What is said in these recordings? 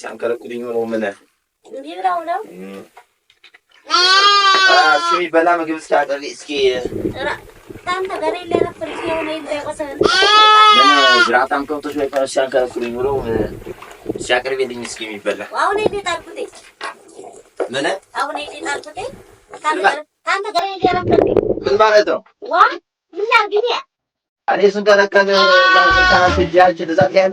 ሲያንከለኩልኝ ነው። ምን እንዲህ ብለው ነው? እሺ የሚበላ ምግብ እስኪ አቅርቢ እስኪ። ጅራታም ከብቶች ወይ ፈረስ ሲያንከለኩልኝ ብሎ ሲያቅርቤልኝ እስኪ የሚበላ ምን ምን ማለት ነው? እኔ እሱን ተነካን እዛ ያለ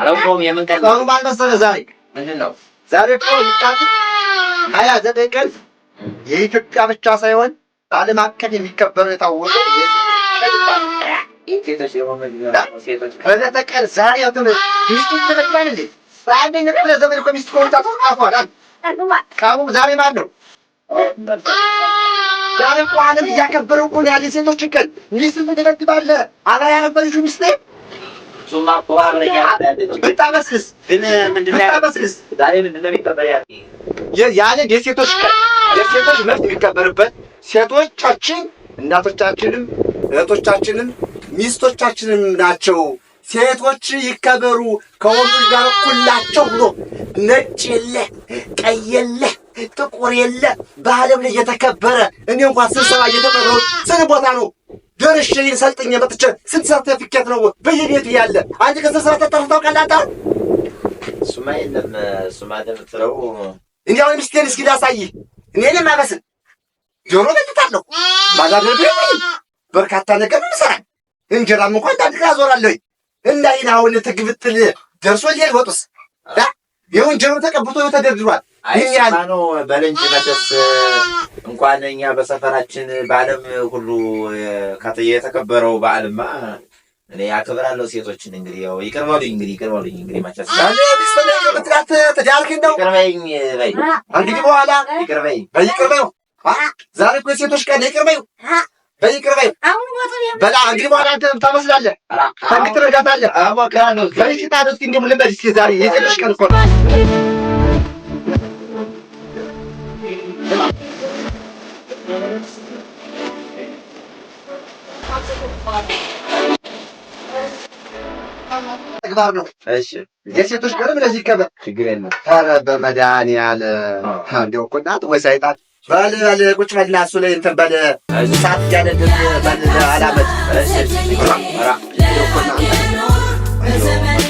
አላውቀውም። የምን ቀን ቀኑ ባልመሰለ ዛሬ ምንድን ነው? ዛሬ እኮ ሀያ ዘጠኝ ቀን የኢትዮጵያ ብቻ ሳይሆን በዓለም አቀፍ የሚከበሩ የታወቀ ዛሬ ማን ነው? ዛሬ እኮ ዓለም እያከበረው እኮ ያለ ሴቶችን ቀን ሚስት ትደረግባለህ አላ ያነበልሹ ሚስቴ ብታበስስ የሴቶች የሴቶች መብት የሚከበርበት ሴቶቻችን እናቶቻችንም እህቶቻችንም ሚስቶቻችንም ናቸው። ሴቶች ይከበሩ ከወንዶች ጋር እኩል ብሎ ነጭ የለ ቀይ የለ ጥቁር የለ በዓለም ላይ የተከበረ እኔ እንኳን ስብሰባ እየተጠራሁ ስንት ቦታ ነው ደርሼ ይህን ሰልጥኜ መጥቼ ስንት ሰርተፍኬት ነው በየቤቱ ያለ? አንቺ ከስር ሰርተፍ ታውቃለህ አንተ? እሱማ የለም እሱማ የምትለው እንዲህ አሁን እስኪ ላሳይህ። እኔን የማመስል ጆሮ በልታለሁ፣ ባዛደር በርካታ ነገር ምሰራል። እንጀራም እንኳን አንዳንድ ቀን አዞራለሁኝ እና አሁን ትግብትል ደርሶ ሊሄድ ወጡስ ይሁን ጀሮ ተቀብቶ ተደርድሯል። አይያኖ በለንጭ መተስ እንኳን እኛ በሰፈራችን በዓለም ሁሉ የተከበረው በዓልማ እኔ አክብራለሁ። ሴቶችን እንግዲህ ያው ይቅር በሉኝ እንግዲህ ይቅር በሉኝ እንግዲህ ማቻስ ምትላት ተዳልክን ነው። ይቅር በይኝ በይ እንግዲህ በኋላ ይቅር በይ በይ ዛሬ እኮ የሴቶች ቀን ይቅር በይው በይ ይቅር በላ እንግዲህ በኋላ አንተ ታመስላለህ፣ ታንክ ትረዳታለህ። አዎ ከራ ነው በይ ሲታደስ እንዲህ ምን ልበል እስኪ ዛሬ የሴቶች ቀን እኮ ነው። ماشي جالسين توش كلام لازم كذا ችግር ተረበ መድኃኔ ዓለም እንዲያው እኮ እናት ወይ ሳይጣት በል በል ቁጭ በልና እሱ ላይ እንትን በል ሰዓት እያነድን በል አላመድ ራ ራ እንዲያው እኮ እናት